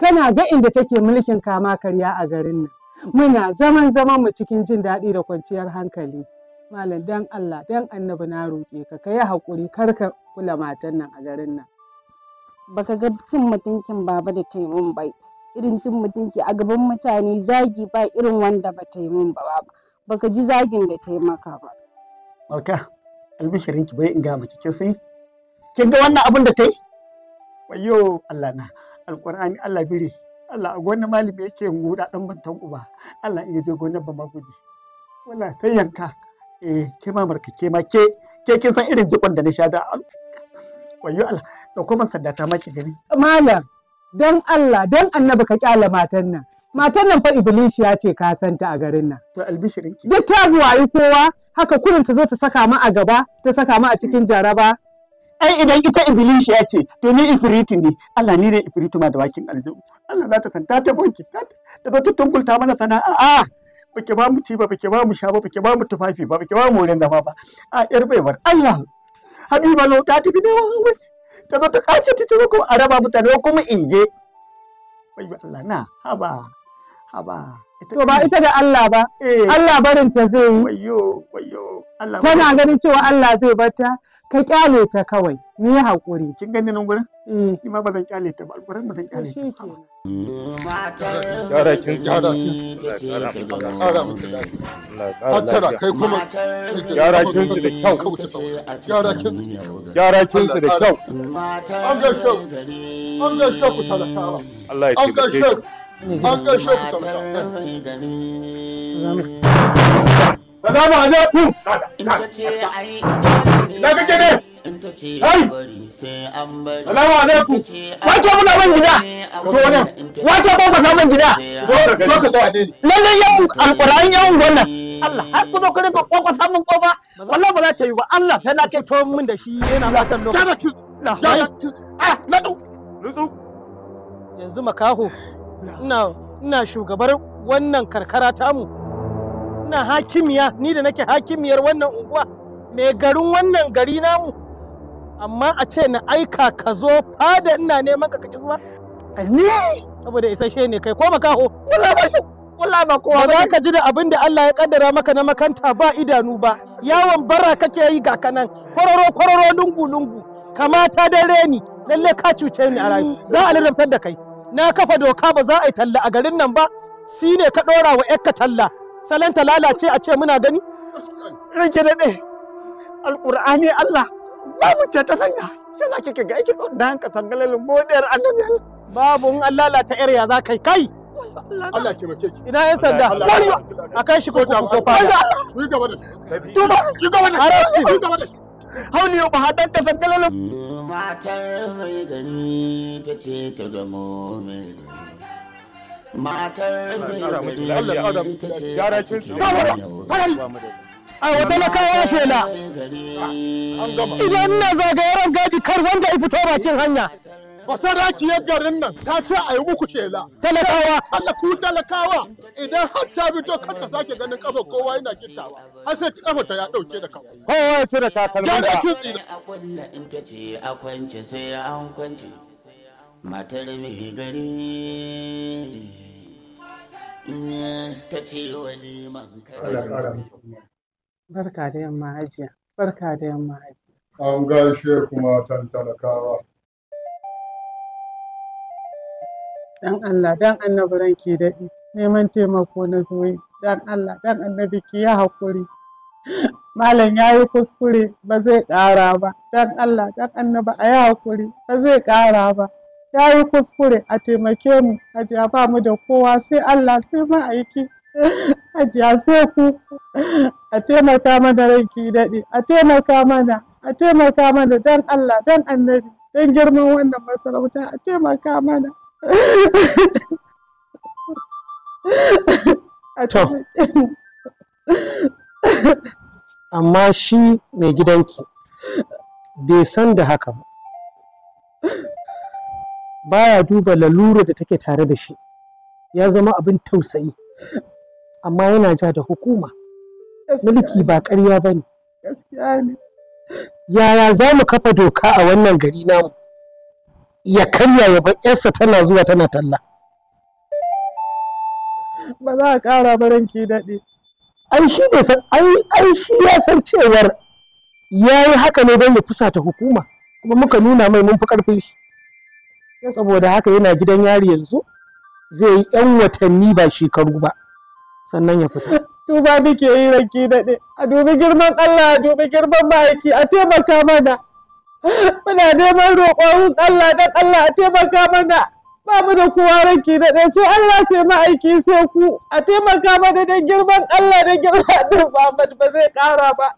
[SPEAKER 7] kana ga inda take mulkin kama karya a garin nan muna zaman zaman mu cikin jin daɗi da kwanciyar hankali malam dan Allah dan annabi na roƙe ka ka yi haƙuri kar ka kula matan nan a garin nan baka ga cin mutuncin baba da taimun bai irin cin mutunci a gaban mutane zagi ba irin wanda ba taimun ba ba baka ji zagin da taimaka ba
[SPEAKER 1] Marka, albishirinki bai in ga miki kin kin ga wannan abin da ta yi wayo Allah na alqur'ani Allah bire Allah a wani malami yake guda dan bantan uba Allah in je gonar ba ma guje wala ta yanka eh ke ma ke ma ke ke kin san irin jikon da na sha da wayo Allah da kuma ta maki gani malam dan Allah dan annabi ka ƙyale matan nan matan nan fa ya ce ka santa a garin nan to albishirinki duk ta buwayi kowa haka kurin ta zo ta saka ma a gaba ta saka ma a cikin jaraba ai idan ita iblis ya ce to ni ifiriti ne Allah ni ne ifiritu ma da wakin aljihu Allah za ta san ta ta banki ta zo ta tungulta mana sana'a a bake ba mu ci ba bake ba mu sha ba bake ba mu tufafi ba bake ba mu wurin zama ba a yar bar Allah habiba lo ta tafi da wani ta zo ta kace ta zo kuma a raba mutane kuma in je
[SPEAKER 7] bai Allah na haba haba To ba ita da Allah
[SPEAKER 1] ba, eh. Allah barinta zai yi. Tana ganin cewa Allah zai bata. ka kyale ta kawai ni haƙuri kin gani nan gurin eh. ni ma ba zan kyale ta ba alƙur'an ba zan kyale
[SPEAKER 4] ta Kara kin kin da kyau kara kin
[SPEAKER 7] kin da kyau an ga kyau
[SPEAKER 4] an ga kyau ku Allah ya ku Salamu alaikum. Na kake ne? Salamu alaikum. muna ban gida. Wace ban kwasa ban gida. Lallai yawon
[SPEAKER 7] alƙur'an yawon wannan.
[SPEAKER 1] Allah har kuma ku rinka kwakwasa min kofa. Wallahi ba za ta yi ba. Allah sai na kai tuwon min da shi yana fatan lokaci. Jana Jana ah, Nutsu. Yanzu makaho. Ina ina shugabar wannan karkara tamu. ina hakimiya ni da nake hakimiyar wannan unguwa mai garin wannan gari namu amma a ce na aika ka zo fada ina neman ka kaji zuwa ni saboda isasshe ne kai ko makaho Wala ba shi wallahi ba kowa ba ka ji da abin da Allah ya kaddara maka na makanta ba idanu ba yawon bara kake yi ga kanan kororo kororo lungu lungu kamata dare ni lalle ka cuce ni a rayu za a ladabtar da kai na kafa doka ba za a yi talla a garin nan ba shi ne ka ɗora wa ka talla salon ta lalace a ce muna gani ranke daɗe alƙur'ani Allah babu ce ta sanya sai na kike ga yake da hanka sangalalin modiyar annabi babu in an lalata yar ya za kai kai Allah ki ina yan sanda
[SPEAKER 4] a kai shi ko ta ko ku tuba da ku matar mai gari ta ce ta zamo mai gari matar
[SPEAKER 1] a wata na kawo shela
[SPEAKER 4] ah,
[SPEAKER 9] idan na
[SPEAKER 1] zagayen gadi kar wanda ya fito bakin hanya masarakiyar garin nan ta ce a yi muku shela talakawa Allah ku talakawa idan har ta fito kan ka sake ganin kafa kowa yana kishawa har sai kafa ta ya dauke da kafa
[SPEAKER 4] kowa ya ce takalmin da ya da kitsi a kulla in ta ce a kwance sai an kwance matar mai gari ta ce wani mankara
[SPEAKER 7] barka da yamma hajiya barka da yamma
[SPEAKER 4] hajiya an gaishe kuma tan talakawa
[SPEAKER 7] dan Allah dan annabi ranki daɗi neman taimako na zuwa dan Allah dan annabi ki ya haƙuri malam ya yi kuskure ba zai ƙara ba dan Allah dan annabi a ya haƙuri ba zai ƙara ba ya yi kuskure a taimake mu ajiya ba mu da kowa sai allah sai ma'aiki ajiya sai ku a taimaka mana ranki daɗi a taimaka mana a taimaka mana don allah don annabi don girman wannan masarauta a taimaka mana amma shi mai gidanki
[SPEAKER 1] bai san da haka ba baya duba lalurar da take tare da shi ya zama abin tausayi amma yana ja da hukuma mulki ba ƙarya ba ne yaya za mu kafa doka a wannan gari namu ya karya ya bar yarsa tana zuwa tana talla
[SPEAKER 7] ba za a ƙara baranki
[SPEAKER 1] daɗe ai shi ne san ai shi ya san cewar yayi haka ne don ya fusata hukuma kuma muka nuna mai mun fi ƙarfin shi saboda haka yana gidan yari yanzu zai yi 'yan watanni ba shekaru ba sannan ya fita tuba muke yi ranki daɗe a dubi girman Allah a dubi girman ma'aiki a
[SPEAKER 7] taimaka mana muna neman roƙon Allah dan Allah a taimaka mana ba mu da kowa ranki daɗe sai Allah sai ma'aiki sai ku a taimaka mana don girman Allah da girman Muhammad ba zai ƙara ba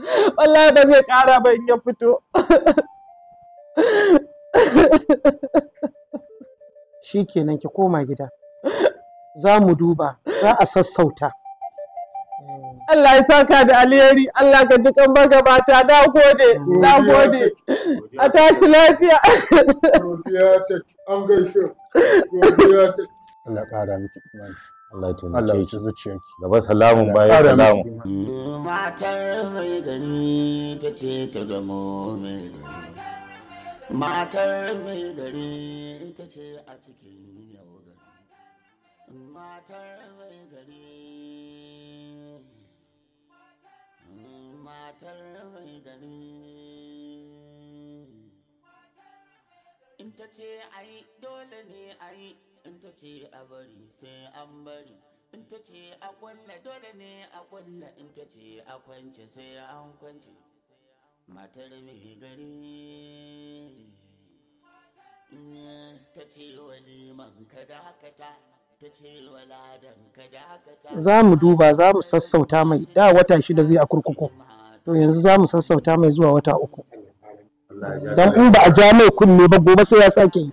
[SPEAKER 7] wallahi ba zai ƙara ba in ya fito
[SPEAKER 1] shi kenan ki koma gida za mu duba za a sassauta Allah ya saka da alheri Allah
[SPEAKER 7] ka ji kan magabata na gode na gode a tashi lafiya an gaishe Allah ƙara miki
[SPEAKER 5] Allah ya taimake ki zuciyarki gaba salamun bayan salamun
[SPEAKER 4] matar mai gari ta ce ta mai gari matar mai gari ita ce a cikin yau gari matar mai gari matar mai gari ta ce ai dole ne ai yi ta ce a bari sai an bari ita ta ce a kwalla dole ne a kwalla ita ta ce a kwance sai an kwance matar mai gari ta ce wa liman ka dakata ta ce wa ladan ka
[SPEAKER 1] dakata za mu duba za mu sassauta mai da wata shida zai a kurkuku to yanzu za mu sassauta mai zuwa wata uku dan in ba a ja mai kunne ba gobe sai ya sake yi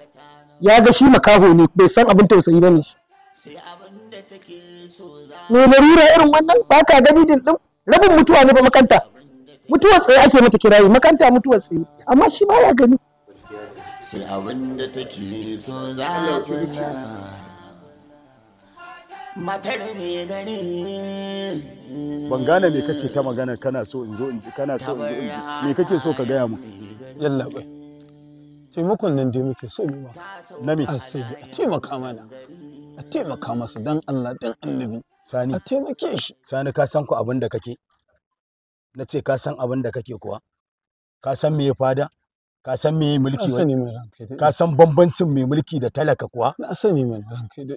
[SPEAKER 1] ya ga shi makaho ne bai san abin tausayi ba ne shi irin wannan ba ka gani din rabin mutuwa ne ba makanta mutuwar tsaye ake mata kirayi makanta mutuwar tsaye amma shi ba ya gani
[SPEAKER 4] sai abin da take so za a kula matar mai gani
[SPEAKER 1] ban gane me kake ta magana kana so in zo in ji kana
[SPEAKER 8] so in zo in ji
[SPEAKER 4] me kake
[SPEAKER 1] so ka gaya mu yalla bai taimakon nan dai muke so mu na me a taimaka mana a taimaka masa dan Allah dan annabi sani a taimake shi sani ka san ku abin da kake na ce ka san abin da kake kuwa ka san me fada ka san me mulki ka san bambancin mai mulki da talaka kuwa na sani mai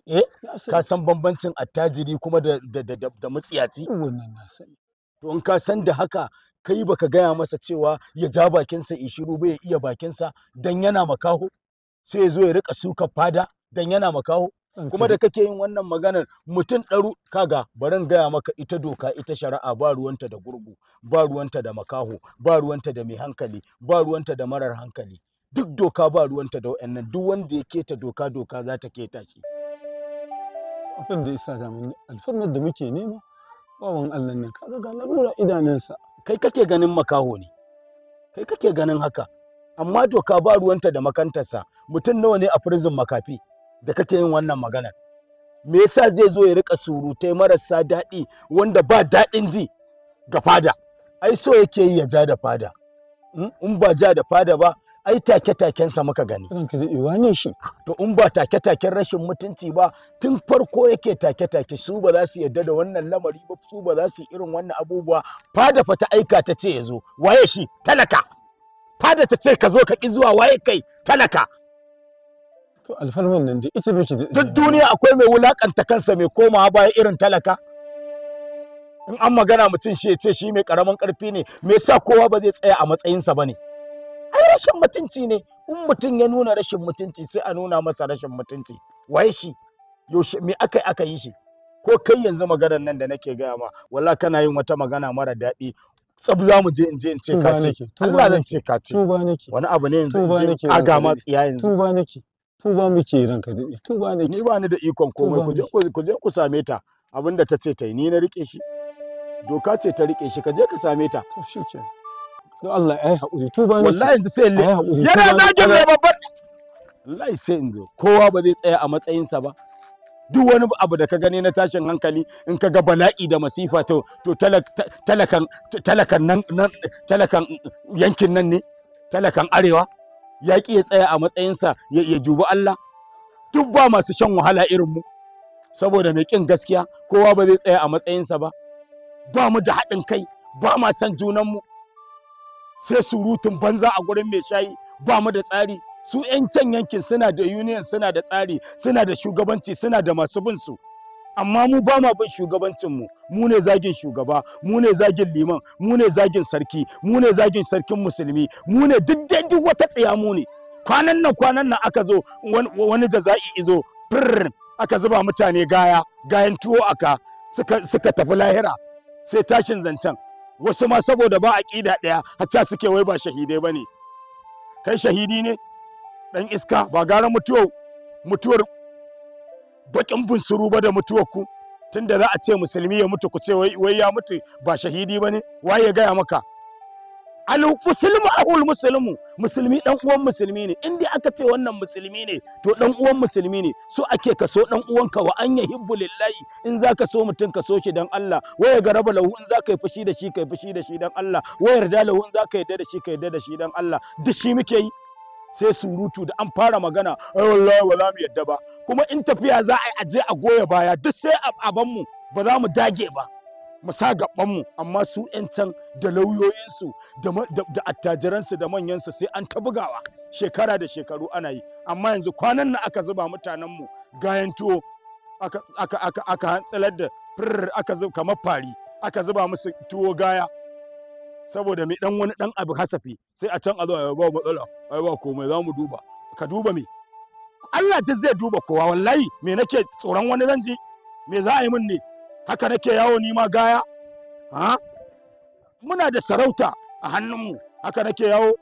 [SPEAKER 1] eh ka san bambancin attajiri kuma da da da, da mutsiyaci to in ka san da haka kai baka gaya masa cewa ya ja bakinsa ya shiru bai iya bakinsa dan yana makaho sai ya zo ya rika suka fada dan yana makaho kuma da kake yin wannan maganar mutum ɗaru kaga barin gaya maka ita doka ita shari'a ba ruwanta da gurgu ba ruwanta da makaho ba ruwanta da mai hankali ba ruwanta da marar hankali duk doka ba ruwanta da wa'annan duk wanda ya keta doka doka za ta keta shi abin da isa alfarmar da muke nema kaga ga larura kai kake ganin makaho ne kai kake ganin haka amma doka ba ruwanta da makantarsa mutum nawa ne a prison makafi da kake yin wannan maganar me yasa zai zo ya rika surutai marasa daɗi wanda ba daɗin ji ga fada ai so yake yi ya ja da fada in ba ja da fada ba ai take-takensa muka gani. ka shi. Ah, to in ba take-taken rashin mutunci ba tun farko yake take-take su ba za su yarda da wannan lamari ba su ba za su irin wannan abubuwa fada fa ta aika ta ce ya zo waye shi talaka. Fada ta ce ka zo ka ki zuwa waye kai talaka.
[SPEAKER 5] to alfarman nan dai ita biki duk
[SPEAKER 1] duniya akwai mai wulakanta kansa mai komawa baya irin talaka in an magana mutum shi ya ce shi mai karamin karfi ne me yasa kowa ba zai tsaya a matsayinsa bane ai rashin mutunci ne in mutum ya nuna rashin mutunci sai a nuna masa rashin mutunci waye shi yaushe me aka aka yi shi ko kai yanzu maganar nan da nake gaya ma wallahi kana yin wata magana mara daɗi tsab za mu je in je in ce ka ce Allah zan ce
[SPEAKER 5] ka ce wani abu ne yanzu in je aga ma tsiya yanzu tuba nake tuba muke ranka da tuba
[SPEAKER 1] ne ni ba ni da ikon komai ku je ku je ku same ta abinda ta ce ta yi ni na rike shi doka ce ta rike shi ka je ka same ta to shi shikenan don Allah ai haƙuri tuba ne wallahi yanzu sai ne yana zage mai babban wallahi sai in zo kowa ba zai tsaya a matsayinsa ba duk wani abu da ka gani na tashin hankali in ka ga bala'i da masifa to to talakan talakan nan talakan yankin nan ne talakan arewa ya ƙi ya tsaya a matsayinsa ya dubi Allah duk ba masu shan wahala irin mu saboda mai ƙin gaskiya kowa ba zai tsaya a matsayinsa ba ba mu da haɗin kai ba ma san mu sai surutun banza a gurin mai shayi ba mu da tsari su 'yan can yankin suna da union suna da tsari suna da shugabanci suna da masu bin su amma mu ba ma bin shugabancin mu mu ne zagin shugaba mu ne zagin liman mu ne zagin sarki mu ne zagin sarkin musulmi mu ne duk duk wata tsaya mu ne kwanan nan kwanan nan aka zo wani za'i izo fir aka zuba mutane gaya gayan tuwo aka suka suka tafi lahira sai tashin zancen wasu ma saboda ba a ƙida ɗaya hatta suke wai ba shahidai bane kai shahidi ne dan iska ba gara mutuwar mutuwar bakin bunsuru ba da mutuwar ku tunda za a ce musulmi ya mutu ku ce wai ya mutu ba shahidi ba ne waye ya gaya maka al muslimu ahul muslimu musulmi dan uwan musulmi ne in aka ce wannan musulmi ne to dan uwan musulmi ne so ake ka so dan uwanka wa an yahibbu lillahi in zaka so mutum ka so shi dan Allah waya garaba lahu in zaka yi fushi da shi kai fushi da shi dan Allah waya yarda lahu in zaka yarda da shi kai yarda da shi dan Allah duk shi muke yi sai surutu da an fara magana ai wallahi wala mu yadda ba kuma in tafiya za a aje a goya baya duk sai a mu ba za mu dage ba mu sa mu amma su 'yan can da lauyoyinsu da attajiransu da manyansu sai an ta bugawa shekara da shekaru ana yi amma yanzu kwanan nan aka zuba mutanenmu gayan tuwo aka hantsalar da firar aka zuba kamar fari aka zuba musu tuwo gaya saboda mai dan wani dan abu hasafi sai a can a zo a ba matsala a ba komai za mu duba ka duba me Allah duk zai duba kowa wallahi me nake tsoron wani zan ji me za a yi min ne haka nake yawo ni ma gaya ha muna da sarauta a hannunmu haka nake yawo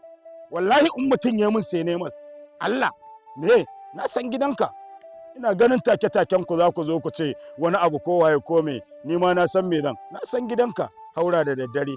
[SPEAKER 1] wallahi in mutum ya min sai nemas Allah me na san gidanka ina ganin take-taken ku za ku zo ku ce wani abu kowa ya me ni ma na san me zan na san gidanka haura da daddare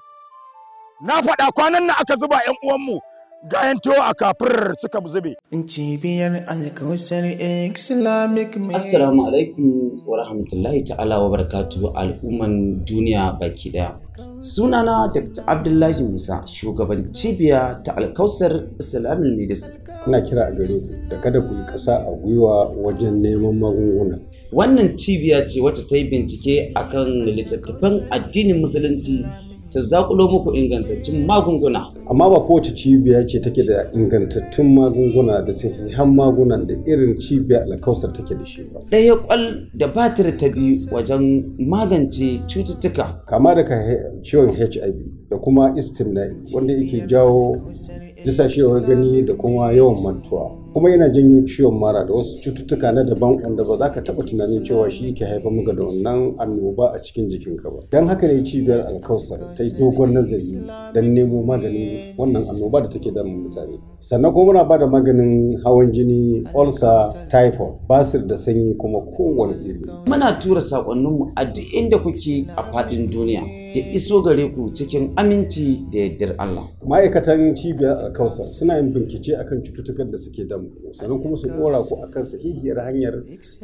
[SPEAKER 1] na faɗa kwanan nan aka zuba 'yan uwanmu gayan to a kafir suka zube. Cibiyar Alkausar Islamic
[SPEAKER 7] Assalamu
[SPEAKER 9] alaikum wa rahmatullahi ta'ala wa barakatu al'umman duniya baki daya. Sunana Dr. Abdullahi Musa, shugaban cibiya ta Alkausar Islamic Medicine. Kuna kira a gare ku da kada ku yi ƙasa a gwiwa wajen neman magunguna. Wannan cibiya ce wacce ta yi bincike akan littattafan addinin Musulunci ta zakulo muku ingantattun magunguna.
[SPEAKER 5] Amma ba kowace cibiya ce take da ingantattun magunguna da sahihan magunan da irin cibiya alkausar take da shi ba. Ɗaya kwal da batir ta tabi
[SPEAKER 9] wajen
[SPEAKER 5] magance cututtuka. Kama daga ciwon HIV da kuma istimna'i wanda yake jawo disashewar gani da kuma yawan mantuwa. kuma yana janyo ciwon mara da wasu cututtuka na daban wanda ba za ka taɓa tunanin cewa shi ke haifar maka da wannan annoba a cikin jikin ka ba don haka ne cibiyar alkausa ta yi dogon nazari don nemo maganin wannan annoba da take damun mutane sannan kuma muna ba da maganin hawan jini ulcer typhoid basir da sanyi kuma kowane iri
[SPEAKER 9] muna tura sakonninmu a duk inda kuke a faɗin duniya ya iso gare ku cikin aminci da yardar Allah
[SPEAKER 5] ma'aikatan cibiyar alkausa suna yin bincike akan cututtukan da suke damun sannan kuma su dora ku akan sahihiyar hanyar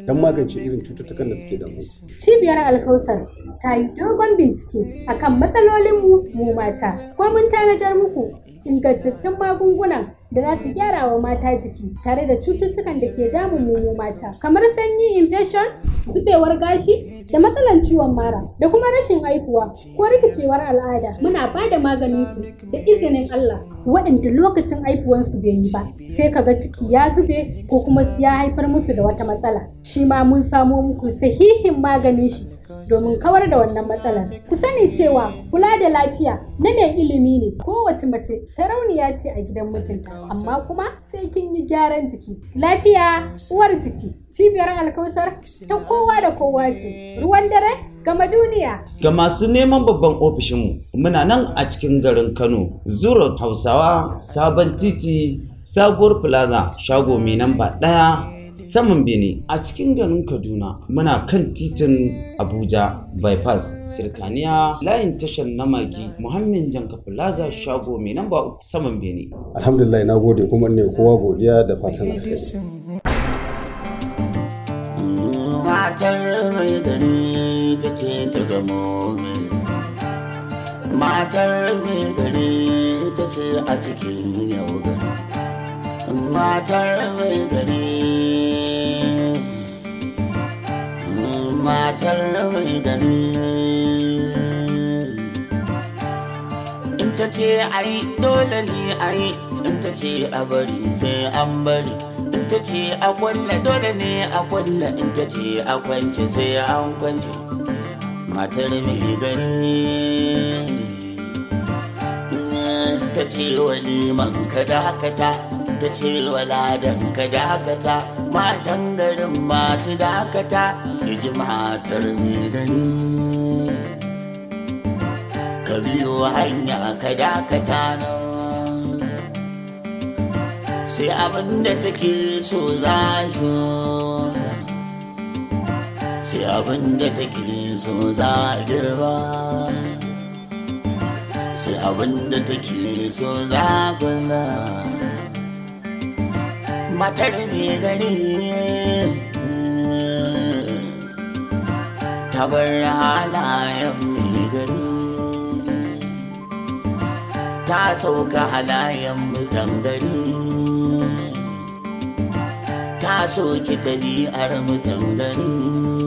[SPEAKER 5] don magance irin cututtukan da suke damu.
[SPEAKER 7] Cibiyar Alkausar ta yi dogon bincike akan matsalolin mu mata, ko mun tanadar muku ingantaccen magungunan da za su gyara wa mata jiki tare da cututtukan da ke damun mu mata kamar sanyi infection zubewar gashi da matsalan ciwon mara da kuma rashin haihuwa ko rikicewar al'ada muna ba da maganin su da izinin Allah waɗanda lokacin haihuwan bai yi ba sai kaga ciki ya zube ko kuma ya haifar musu da wata matsala shi ma mun samo muku sahihin maganin shi domin kawar da wannan matsalar. Ku sani cewa kula da lafiya na mai ilimi ne kowace mace sarauniya ce a gidan mijinta amma kuma sai kin yi gyaran jiki. Lafiya uwar jiki cibiyar alkausar ta kowa da kowa ce ruwan dare gama duniya.
[SPEAKER 9] Ga masu neman babban ofishinmu muna nan a cikin garin Kano zuro Hausawa sabon titi sabuwar plaza shago mai namba ɗaya saman bene a cikin garin kaduna muna kan titin abuja bypass tirkaniya layin tashar na magi muhammed janka plaza shago mai namba uku saman bene
[SPEAKER 5] alhamdulillah na gode kuma ne kowa godiya da fatan
[SPEAKER 4] matar mai gari ita ce ta zamo matar mai gari ce a cikin yau gari matar mai gari matar mai gari in ta ce ai dole ne ai in ta ce a bari sai an bari in ta ce a kwalla dole ne a kwalla in ta ce a kwance sai an kwance matar mai gari ta ce wani man ka dakata ta ce wala dan ka dakata matan garin masu dakata iji matar mai gani ka biyo hanya ka dakata na sai abin da take so za shi sai abin da take so za girba sai abin da take so za gwanar matar mai gari bar halayen mai gari ta sauka halayen mutan gari ta soki ɗabi'ar mutan gari